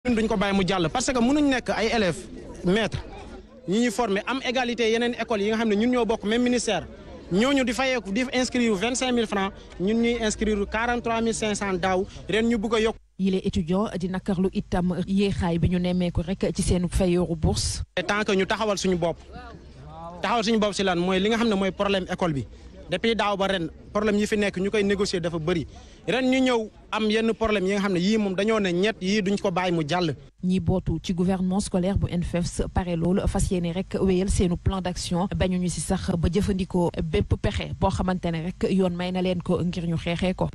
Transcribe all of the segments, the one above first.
ñun duñ ko baay mu jàll parce que mënuñ nekk ay élèves maîtres ñu ñuy former am égalité yeneen école yi nga xam ne ñun ñoo bokk même ministère ñooñu di fayeeku di inscrire vingt cinq mille francs ñun ñuy inscrire quarante trois mille daaw ren ñu bëgg a yokk. yile étudiant di nakarlu itam yéexaay bi ñu nemmeeku rek ci seen fayooru bourse. tant que ñu taxawal suñu bopp taxawal suñu bopp si laan mooy li nga xam ne mooy problème école bi. depuis daaw ba ren problème yi fi nekk ñu koy négocier dafa bëri ren ñu ñëw am yenn problème yi nga xam ne yii moom dañoo ne ñett yii duñ ko bàyyi mu jàll. ñi bootu ci gouvernement scolaire bu NFEFS pare loolu fas yéene rek wéyal seenu plan d'action bañu ñu si sax ba jëfandikoo bépp pexe boo xamante ne rek yoon may na leen ko ngir ñu xeexee ko.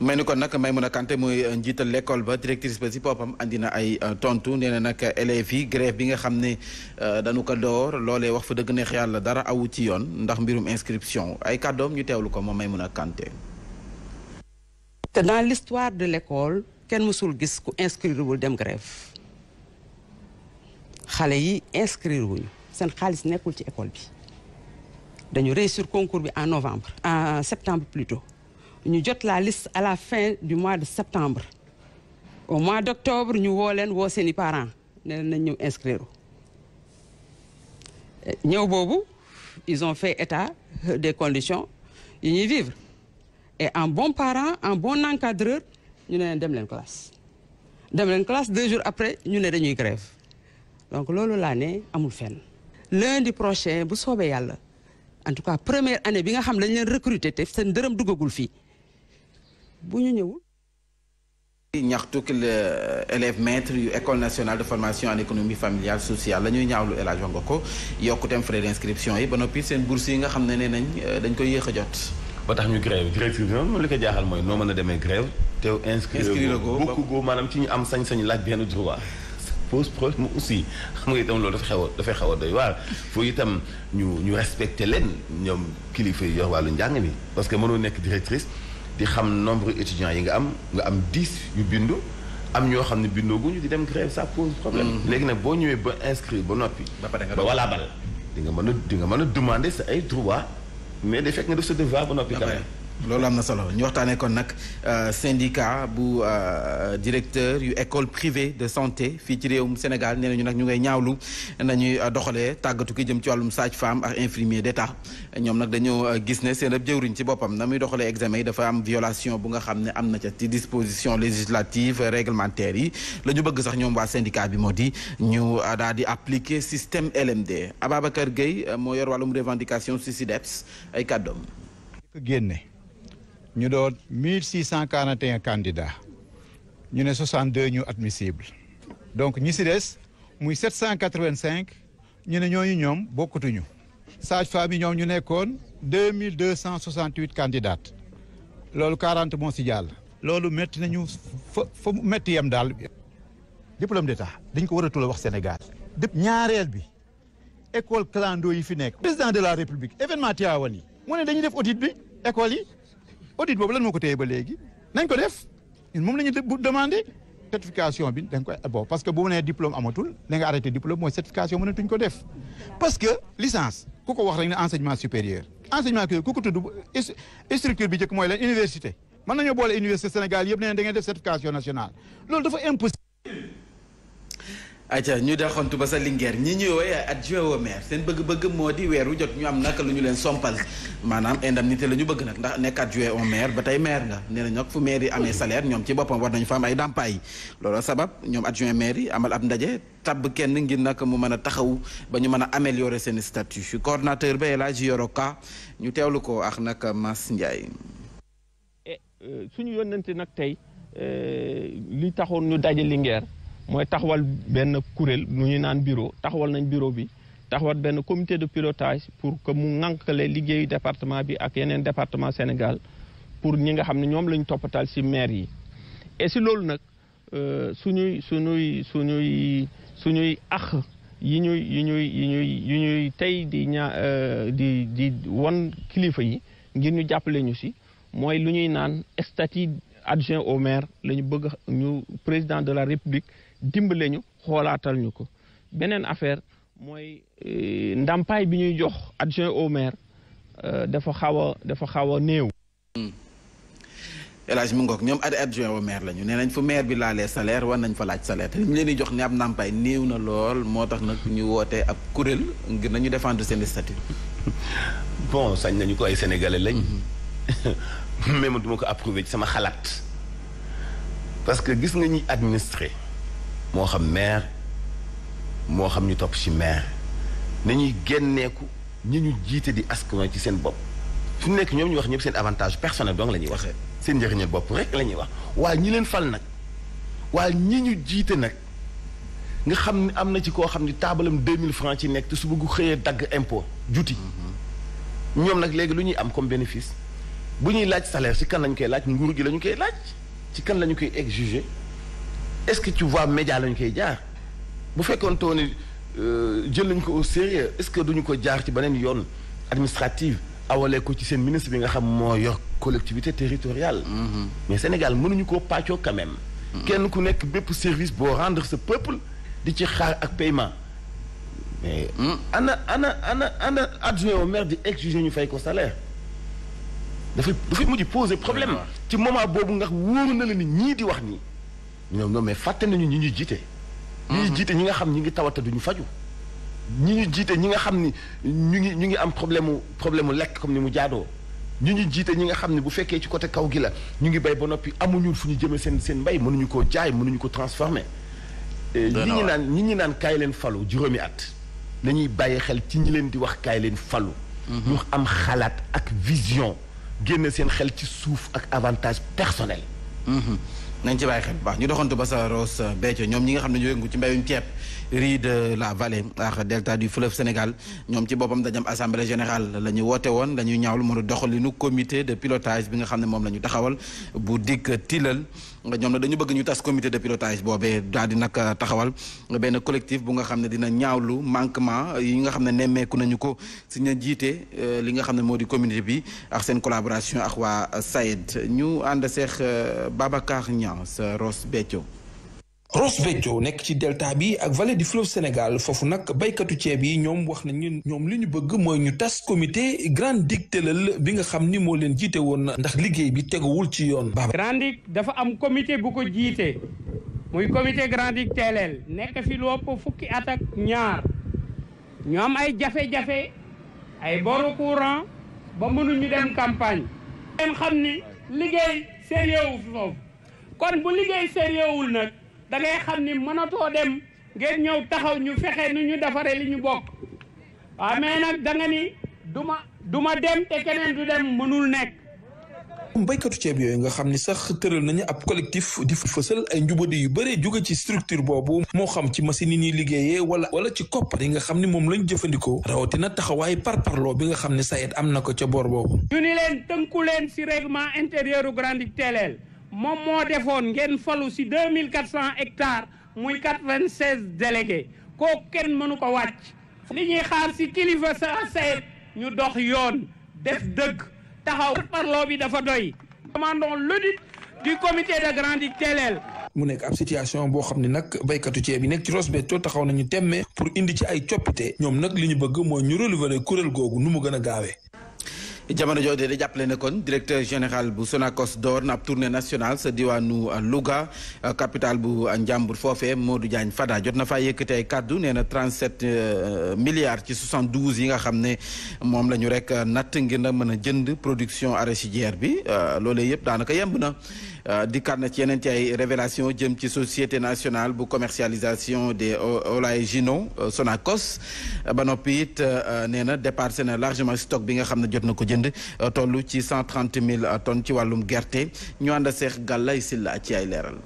may ni kon nag a Kanté mooy euh, njiital l'école ba directrice ba si boppam andi na ay euh, tontu nee na nag euh, élèves yi grève bi nga xam ne dañu ko door loole wax fa dëgg neex yàlla dara awu ci yoon ndax mbirum inscription ay kàddoom ñu teewlu ko moom Maimouna Kanté. te dans l'histoire de l'école kenn mësul gis ku inscrire wul dem grève xale yi inscrire wuñu seen xaalis nekkul ci école bi dañu réussir concours bi en novembre en septembre plutôt ñu jot la liste à la fin du mois de septembre au mois d' octobre ñu woo leen woo seen i parents ne leen nañ ñëw inscrire ñëw boobu ils ont fait état des conditions yu ñuy vivre et en bon parent en bon encadreur ñu ne leen dem leen classe dem leen classe deux jours après ñu ne dañuy grève donc loolu laa ne amul fenn lundi prochain bu soobee yàlla en tout cas première année bi nga xam dañ leen recruter te seen dërëm duggagul fii bu ñu ñëwul. ñaxtuk euh, élève maître yu école nationale de formation en économie familiale sociale la ñuy ñaawlu El Hadj nga ko yokkuteem frais d'inscription yi ba noppi seen bourse yi nga xam ne nee nañ euh, dañ koy yéex a jot. ba tax ñu grève grève moom li ko jaaxal mooy noo mën a demee grève teew inscrire ko bokk goo maanaam ci ñu am sañ-sañ laaj benn droit pose problème aussi xam nga itam loolu dafa xew a dafay xaw a doy waar foo itam ñu ñu respecté leen ñoom kilifa yi yor wàllu njàng parce que mënoo nekk directrice di xam nombre étudiants yi nga am nga am dix yu bindu am ñoo xam ne bindooguñu di dem grève ça pose problème. Mm-hmm. léegi nag boo ñëwee ba inscrire ba noppi. ba pare nga wala bal di nga mën a di nga mën a demander sa ay droit mais de fekk nga def sa devoir ba noppi. Ah quand loolu am na solo ñu waxtaanee kon nag euh, syndicat bu euh, directeur yu école privée de santé fii ci réewum Sénégal nee nañu nag ñu ngay ñaawlu nañuy euh, doxale tàggatu ki jëm ci wàllum sage-femme ak infirmier d'État ñoom nag dañoo gis ne seen ab jëwriñ ci boppam na muy doxalee examen yi dafa am violation bu nga xam ne am na ca ci disposition législative réglementaire yi la ñu bëgg sax ñoom waa syndicat bi moo di ñu daal di appliquer système LMD kër Gueye moo yor wàllum revendication si SIDEPS ay kàddoom ñu doon mille six cent quarante et un candidats ñu ne soixante deux ñu admissible donc ñi si des muy sept cent quatre vingt ñu ne ñooñu ñoom bokkutuñu sages-femmes yi ñoom ñu nekkoon deux mille deux cent soixante huit candidates loolu quarante moo si jàll. loolu métti nañu fa fa metti yem daal. la diplôme d'état dañ ko war a wax Sénégal. dëpp ñaareel bi école clando yi fi nekk. président de la république événement Tivaouane yi. mu ne dañuy def audit bi école yi. audit boobu lan moo ko téye ba léegi nañ ko def ñun moom la ñu certification bi dañ koy bon parce que bu mu nee diplôme amatul li nga arrêté diplôme mooy certification mënatuñ ko def parce que licence ku ko wax rek ne supérieur enseignement ku ko tudd structure bi njëkk mooy la université mën nañoo boole université Sénégal yëpp ne da ngeen def certification nationale loolu dafa impossible aca ñu dexantu ba sa Linguère ñi ñuy woowee adjoint maire seen bëgg-bëgg moo di weeru jot ñu am naka lu ñu leen sompal maanaam indemnité la ñu bëgg nag ndax nekk adjoint au maire ba tey maire nga nee na ñoog fu maire yi ñoom ci boppam war nañu fa ay ay ndàmpaay loolu sabab ñoom adjoint maire yi amal ab ndaje tabb kenn ngir nag mu mën a taxaw ba ñu mën a ameliore seen statut coordonnateur ba El Hadji Yoro Ka ñu teewlu ko ak nag Mass Ndiaye eh, euh, suñu yónnante nag tey euh, li taxoon ñu daje Linguère mooy taxawal benn kuréel nu ñu naan bureau taxawal nañ bureau bi taxawal benn comité de pilotage pour que mu ŋànkale liggéey département bi ak yeneen département Sénégal pour ñi nga xam ne ñoom la ñu toppatal si maire yi et si loolu nag euh, suñuy suñuy suñuy suñuy ax yi ñuy yi ñuy yi ñuy tey di ñaa euh, di di won kilifa yi ngir ñu jàppale ñu si mooy lu ñuy naan statut adjoint au maire la ñu bëgg ñu président de la république dimbale ñu xoolaatal ñu ko beneen affaire mooy euh, ndàmpaay bi ñuy jox adjoint au maire euh, dafa xaw dafa xaw a néew. El Hadj mu ngoog ñoom ad adjoint au maire lañu nee nañ fu maire bi laalee salaire war nañ fa laaj salaire te li ñu leen di jox ne ab ndàmpaay néew na lool moo tax nag ñu wootee ab kuréel ngir nañu défendre seen statut. bon sañ nañu ko ay sénégalais lañ. Mm-hmm. même duma ko approuvé ci sama xalaat. parce que gis nga ñuy administré. moo xam maire moo xam ñu topp ci maire nañuy génneeku ñi ñu jiite di askan ci seen bopp fu nekk ñoom ñu wax ñëpp seen avantage personnel dong la ñuy waxee seen njëriñal bopp rek la ñuy wax waaye ñi leen fal nag waaye ñi ñu jiite nag nga xam ne am na ci koo xam ne taabalam 2000 francs ci nekk te su bëgg xëyee dagg impôt juuti mm-hmm. ñoom nag léegi lu ñuy am comme bénéfice bu ñuy laaj salaire ci kan lañu koy laaj nguur gi lañu koy laaj ci kan lañu koy exiger est-ce que tu vois média lañ koy jaar bu fekkoon too ni euh, jël nañ ko au est-ce que duñu ko jaar ci beneen yoon administrative awalee ko ci seen ministre bi nga xam moo yor collectivité territoriale mm-hmm. mais Sénégal mënuñu koo pàccoo quand même mm-hmm. kenn ku nekk bépp service boo rendre ce peuple di ci xaar ak paymant mais mm. ana ana ana ana adjoint au maire di exiger ñu fay ko salaire dafay dafay mujj poser problème ci moment boobu nga wóor na la ñii di wax nii ñoom non mais fàtte nañu ñi ñu jiite. ñi ñu mhm. jiite ñi nga xam ñu ngi tawata duñu faju ñu ñu jiite ñi nga xam ni ñu ngi ñu ngi am problème mu problème mu lekk comme ni mu jaadoo ñu ñu jiite ñi nga xam ne bu fekkee ci côté kaw gi la ñu ngi bay ba noppi amuñu fu ñu jëmee seen seen mbay mënuñu koo jaay mënuñu ko transformer euh, ñi ñi naan ñi ñi naan kaay leen falu juróomi at nañuy bàyyi xel ci ñi leen di wax kaay leen falu mhm. ñu am xalaat ak vision génn seen xel ci suuf ak avantage personnel mhm. nañ ci bàyyi xel bu baax ñu doxantu ba sa Ross Béthio ñoom ñi nga xam ne ñoo yëngu ci mbéyum ceeb riz de la vallée ak delta du fleuve Sénégal ñoom ci boppam dañu am assemblée générale la ñu woote woon la ñuy ñaawlu moo doxalinu comité de pilotage bi nga xam ne moom la ñu taxawal bu dikk tilal ñoom na dañu bëgg ñu tas commité de pilotage boobee daal di nag taxawal benn collective bu nga xam ne dina ñaawlu manquement yi nga xam ne nemmeeku nañu ko si ña jiite euh, li nga xam ne moo di communité bi ak seen collaboration ak waa SAED ñu ànd seex euh, Babacar Niang sa Ross Béthio Ross Béthio nekk ci delta bi ak vallée du fleuve Sénégal foofu nag baykatu ceeb yi ñoom wax nañu ñoom li ñu bëgg mooy ñu tas comité grande digue tëlal bi nga xam ni moo leen jiite woon na ndax liggéey bi teguwul ci yoon ba grande dafa am comité bu ko jiite muy comité grande digue tëlal nekk fi lu ëpp fukki at ak ñaar ñoo am ay jafe-jafe ay boru courant ba mënuñu dem campagne ngeen xam ni liggéey sérieux kon bu liggéey sérieux wul da ngay xam ni mënatoo dem ngeen ñëw taxaw ñu fexe ni ñu defaree li ñu bokk waaw mais nag da ni du ma du ma dem te keneen du dem mënul nekk. mbaykatu ceeb yooyu nga xam ni sax tëral nañu ab collectif di fësal ay njubadi yu bëree jóge ci structure boobu moo xam ci machine yi ñuy liggéeyee wala wala ci koppar yi nga xam ni moom lañ jëfandikoo rawatina taxawaay parparloo bi nga xam ni SAED am na ko ca boor boobu. ñu ni leen tënku leen si réglement intérieur u Grande moom moo defoon ngeen falu si deux mille quatre cent hectares muy quatre vingt seize délégués kooku kenn mënu ko wàcc li ñuy xaar si kilifa sa sayet ñu dox yoon def dëgg taxaw parloo bi dafa doy demandons l'audit du comité de grande Téléel mu nekk ab situation boo xam ne nag baykatu ceeb yi nekk ci Ross Béthio taxaw nañu teme pour indi ci ay coppite ñoom nag li ñu bëgg mooy ñu relever kuréel googu nu mu gën a gaawee jamono jooju di jàppale ne kon directeur général bu Sonacos door na ab tournée nationale sa diwaanu Louga euh, capitale bu Njàmbur foofee Modou Diagne Fada jot na fa yëkkati kàddu nee na 37 euh, milliards ci 72 yi nga xam ne moom la ñu rek euh, natt ngir na mën a jënd production arachidière bi loolee yëpp daanaka yemb na. Euh, dikkaat na ci yeneen ci ay révélation jëm ci société nationale bu commercialisation des oléagineux Sonacos euh, ba noppi it euh, nee na dépassé na largement stock bi nga xam ne jot na ko jënd tollu ci cent trente mille tonnes ci wàllum gerte ñu ànd a seex gàllay silla ci ay leeral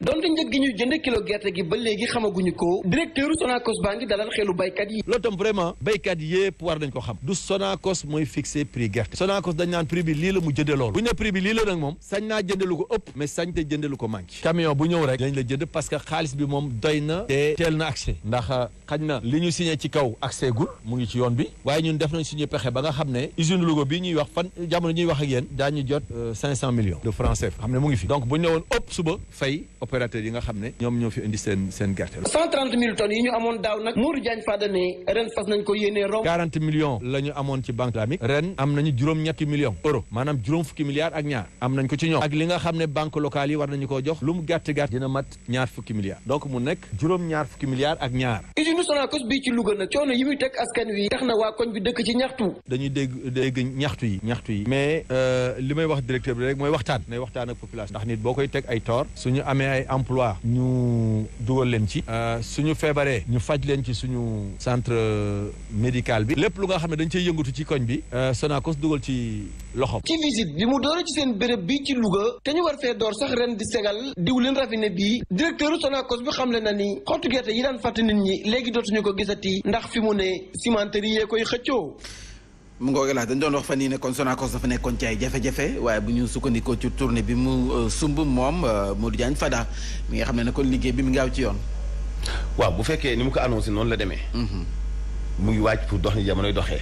donte njëg gi ñuy jënd kilo gerte gi ba léegi xamaguñu ko directeur Sonacos baa ngi dalal xelu baykat yi loolu tam vraiment baykat yépp war nañ ko xam du Sonacos mooy fixer prix gerte Sonacos dañ naan prix bi lii la mu jënde loolu bu ñu ne prix bi lii la nag moom sañ naa jënd lu ko ëpp mais sañ te jënd lu ko manqué camion bu ñëw rek dañ la jënd parce que xaalis bi moom doy na te teel na accès ndax euh, xañ na li ñu signé ci kaw accès gul mu ngi ci yoon bi waaye ñun def nañ suñu pexe ba nga xam ne usine Louga bi ñuy wax fan jamono ñuy wax ak yéen daañu jot 500 euh, millions de francs CFA ne mu ngi fi donc bu ñu woon ëpp suba fay opérateurs yi nga xam ne ñoom ñoo fi indi seen seen gerte 130 yi ñu amoon daaw nag Nour Diagne Fada ne ren fas nañ ko yéenee romb 40 millions la ñu amoon ci banque islamique ren am nañu nañ ko ci ñoom ak li nga xam ne banque locale yi war nañu koo jox lu mu gàtt gàtt dina mat ñaar fukki milliards donc mu nekk juróom-ñaar fukki milliards ak ñaar usine Sonacos bii ci Louga nag coono yi muy teg askan wi tax na waa koñ bi dëkk ci ñaxtu dañuy dégg ñaxtu yi ñaxtu yi mais euh, li may wax directeur bi rek mooy waxtaan nay waxtaan ak population ndax nit boo koy teg ay tort ay emploi ñu dugal leen ci euh, suñu feebaree ñu faj leen ci suñu centre euh, médical bi lépp lu nga xam ne dañ cey yëngatu ci koñ bi euh, Sonacos dugal ci loxo ci visite bi mu doore ci seen béréb bi ci Louga te ñu war fee door sax ren di segal diwlin raffiné bii directeur Sonacos bi xamle na ni xottu gerte yi daan fàtte nit ñi léegi dootuñu ko gisati ndax fi mu ne cimenterie yee koy xëccoo mu ngoog Elhadj dañ doon wax fan yii ne kon Sonacos dafa nekkoon ci ay jafe-jafe waaye bu ñu sukkandikoo ci tournée bi mu euh, sumb moom euh, Modou Diagne Fada mi nga xam ne ne kon liggéey bi mu ngaaw ci yoon. waaw bu fekkee ni mu ko annoncé noonu la demee. Mm-hmm. muy waaj pour dox ni jamonoy doxee.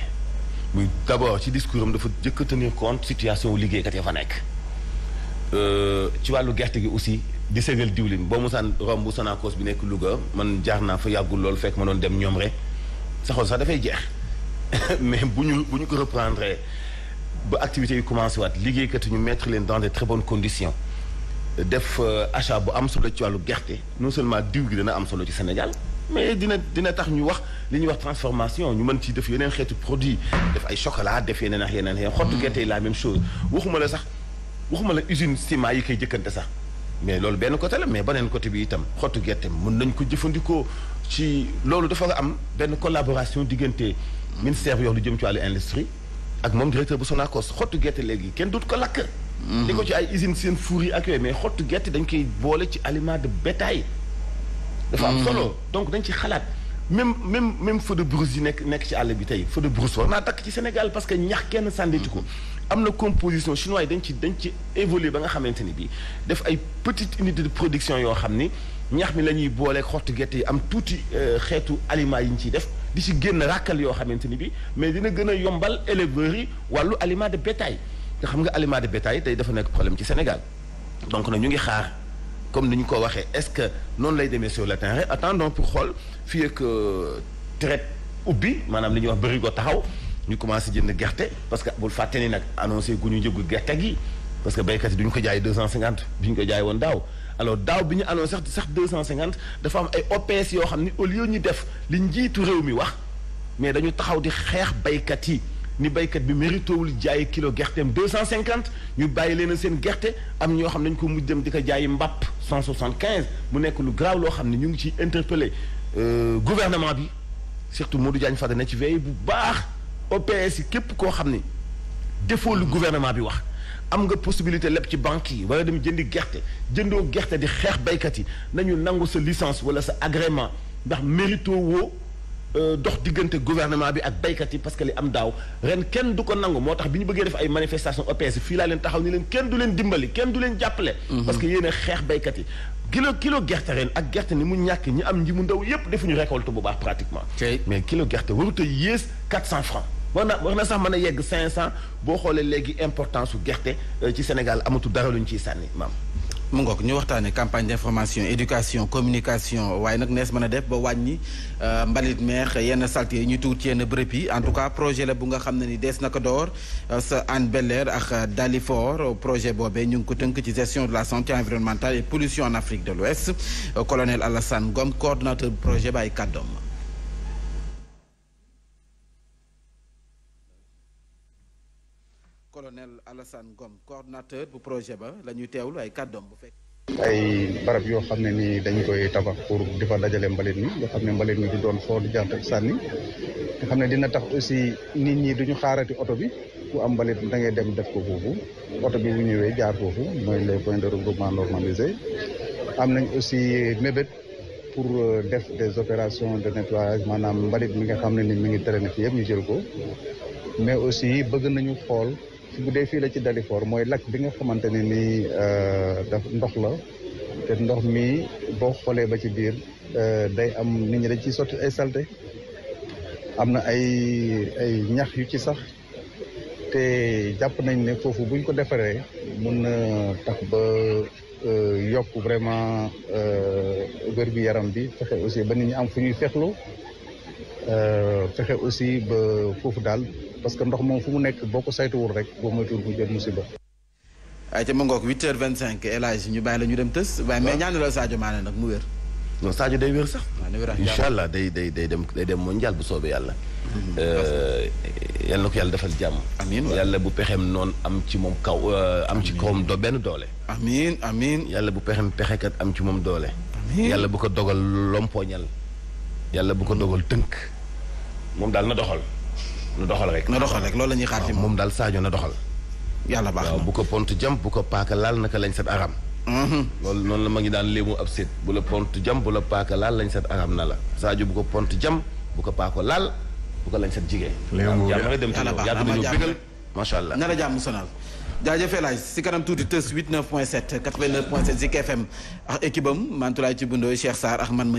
muy d' abord ci discours am dafa jëkk tenir compte situation liggéeykat ya fa nekk. Euh, ci wàllu gerte gi aussi di ségal diwlin boo musaan bu Sonacos bi nekk Louga man jaar naa fa yàggul loolu fekk ma doon dem ñoom rek sa sax dafay jeex. mais bu ñu bu ñu ko reprendre ba activité yi commencé waat liggéey liggéeykat ñu mettre leen dans de très bonnes conditions def euh, achat bu am solo ci wàllu gerte non seulement diw gi dana am solo ci Sénégal mais dina dina tax ñu wax li ñuy wax transformation ñu mën ci def yeneen xeetu produit def ay chocolat def yeneen ak yeneen yeneen xottu gerte yi la même chose waxuma la sax waxuma la usine ciment yi koy jëkkante sax mais loolu benn côté la mais beneen côté bi itam xottu gerte mën nañ ko jëfandikoo ci loolu dafa am benn collaboration diggante ministère bi yor lu jëm ci wàllu industrie ak moom directeur bu Sonacos xottu gerte léegi kenn dut ko lakk. Mhm. li ko ci ay usine seen four yi ak xottu gerte dañ koy boole ci aliment de bétail. dafa am mhm. solo donc dañ ci xalaat même même même feu de brousse nekk nekk ci àll bi tey feu de brousse war takk ci Sénégal parce que ñax kenn sànniti ko. Mhm. am na composition chinois dañ ci dañ ci évoluer ba nga xamante ni bii def ay petite unité de production yoo xam ni ñax mi la ñuy booleeg xottu gerte yi am tuuti euh, xeetu aliments yi ñu ciy def. di ci génn ràkkal yoo xamante ni bi mais dina gën a yombal éleveurs yi wàllu aliment de bétail te xam nga aliment de bétail tey dafa nekk problème ci Sénégal donc nag ñu ngi xaar comme ni ñu ko waxee est-ce que noonu lay demee sur le terrain attendons pour xool fi ak euh, traite ubbi maanaam li ñuy wax bari ko taxaw ñu commencé jënd gerte parce que bul fàtte ni nag annoncé gu ñu njëgu gerte gi parce que béykat yi du ñu ko jaay deux cent cinquante bi ñu ko jaay woon daaw alors daaw bi ñu annoncé sax sax deux cent cinquante dafa am ay OPS yoo xam ni au lieu ñu def li njiitu réew mi wax mais dañu taxaw di xeex baykat yi ni baykat bi méritowul jaayi kilo gerte deux cent cinquante ñu bàyyi leen seen gerte am ñoo xam ne dañ ko mujj dem di ko jaayi mbàpp cent soixante quinze mu nekk lu grave loo xam ne ñu ngi ciy interpellé euh, gouvernement bi surtout du Diagne Fada ne ci veille bu baax OPS yi képp koo xam ni defoo lu gouvernement bi wax am nga possibilité leb ci banque yi wala dem jëndi gerte jëndoo gerte di xeex baykat yi nañu nangu sa licence wala sa agrément ndax mérito woo euh, dox diggante gouvernement bi ak baykat yi parce que li am daaw ren kenn du ko nangu moo tax bi ñu bëggee def ay manifestation OPS fii laa leen taxaw ni leen kenn du leen dimbali kenn du leen jàppale mhm. parce que yéen xeex baykat yi kilo kilo gerte ren ak gerte ni mu ñàkk ñi am nji mu ndaw yépp defuñu récolte bu baax pratiquement mais kilo gerte warut a yées 400 francs war na war na sax mën a yegg 500 boo xoolee léegi importance su gerte euh, ci Sénégal amatul dara luñ ciy sànni maam. mu ngoog ñu waxtaanee campagne d' information éducation communication waaye nag nees mën a def ba wàññi euh, mbalit meex yenn salte yi ñu tuut yenn bërëb yi en tout cas projet la bu nga xam ne ni des na door euh, sa Hann Bel-Air ak Dalifort projet boobee ñu ngi ko tënk ci gestion de la santé environnementale et pollution en Afrique de l'Ouest colonel Alassane Ngom coordonnateur projet bàyyi colonel Alassane Ngom coordonnateur bu projet ba la ñuy teewlu ay kàddoom bu fekk. ay barab yoo xam ne nii dañu koy tabax pour di fa dajale mbalit mi yoo xam ne mbalit mi du doon foo di jant xam ne dina tax aussi nit ñi duñu xaarati oto bi ku am mbalit da ngay dem def ko foofu oto bi bu ñëwee jaar foofu mooy les points de regroupement normalisé am nañ aussi mébét pour euh, def des opérations de nettoyage maanaam mbalit mi nga xam ne ni mi ngi na fi yëpp ñu jëlu ko mais aussi bëgg nañu xool si bu dee fii la ci Dalifort mooy lakk bi nga xamante ne nii euh, daf ndox la te ndox mi boo xoolee ba ci biir euh, day am nit ñi dañ ci sotti ay salte am na ay ay ñax yu ci sax te jàpp nañ ne foofu buñ ko defaree mun na tax ba euh, yokk vraiment wér-gu-yaram bi fexe aussi ba nit ñi am fu ñuy fexlu Euh, fexe aussi ba foofu daal parce que ndox moom fu mu nekk boo ko saytuwul rek boo moytuwul mu jël musiba. waaye ca ma ngoog 8h25 El Hadj ñu bàyyi la ñu dem tës. waaye mais ñaanaloo Sadio Mané nag mu wér. non Sadio day wér sax. incha allah day day day dem day dem mondial bu soobee yàlla. Euh, yàlla defal jàmm. amiin yàlla bu pexem noon am ci moom kaw euh, am ci kawam do benn doole. amiin amiin yàlla bu pexem kat am ci moom doole. yàlla bu ko dogal lompoñal. yàlla bu ko dogal tënk. moom daal na doxal na doxal rek. na doxal rek loolu la ñuy xaar ci moom daal Sadio na doxal. yàlla baax na waaw bu ko pont jam bu ko mhm. paaka laal lañ set aram. na la Sadio bu ko pont jam bu ko paaka laal bu ko lañ set jigéen. léemu yàlla dem ci ñoom yàlla nañu bégal macha allah. na la jàmm sonal. jaajëfee laaj si kanam tuuti tës 89.7 89.7 Zik FM ak équipe am Mantoulaye Thioub Ndoye